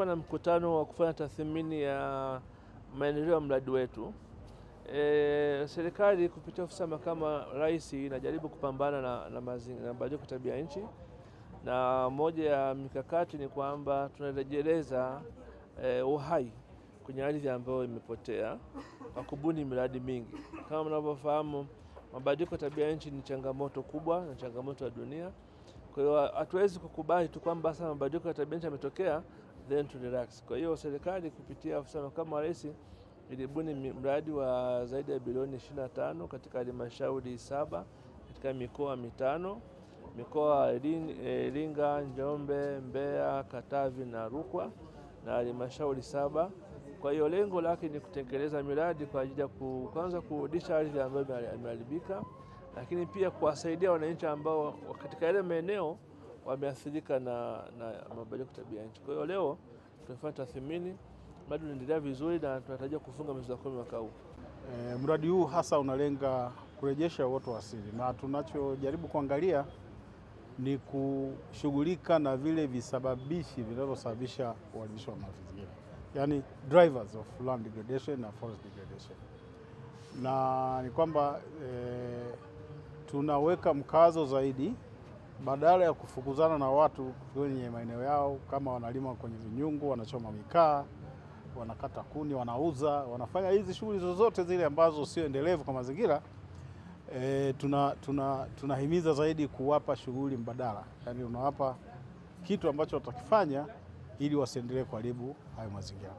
tulikuwa na mkutano wa kufanya tathmini ya maendeleo ya mradi wetu. E, serikali kupitia ofisi ya makamu wa rais inajaribu kupambana na, na, na mabadiliko ya tabia nchi, na moja ya mikakati ni kwamba tunarejeleza e, uhai kwenye ardhi ambayo imepotea kwa kubuni miradi mingi. Kama mnavyofahamu, mabadiliko ya tabia nchi ni changamoto kubwa na changamoto ya dunia. Kwa hiyo hatuwezi kukubali tu kwamba sasa mabadiliko ya tabia nchi yametokea, then to relax. Kwa hiyo serikali kupitia afisa makamu wa rais ilibuni mradi wa zaidi ya bilioni 25 katika halmashauri saba katika mikoa mitano mikoa eh, Iringa, Njombe, Mbeya, Katavi na Rukwa na halmashauri saba. Kwa hiyo lengo lake ni kutekeleza miradi kwa ajili ya kwanza kurudisha ardhi ambayo imeharibika, lakini pia kuwasaidia wananchi ambao katika yale maeneo wameathirika na, na mabadiliko tabia nchi. Kwa hiyo leo tunafanya tathmini, mradi unaendelea vizuri na tunatarajia kufunga mwezi wa kumi mwaka huu. E, mradi huu hasa unalenga kurejesha uoto wa asili na tunachojaribu kuangalia ni kushughulika na vile visababishi vinavyosababisha uharibifu wa mazingira, yaani drivers of land degradation na forest degradation, na ni kwamba e, tunaweka mkazo zaidi badala ya kufukuzana na watu kwenye maeneo yao, kama wanalima kwenye vinyungu, wanachoma mikaa, wanakata kuni, wanauza, wanafanya hizi shughuli zozote zile ambazo sio endelevu kwa mazingira e, tunahimiza tuna, tuna zaidi kuwapa shughuli mbadala, yaani unawapa kitu ambacho watakifanya ili wasiendelee kuharibu hayo mazingira.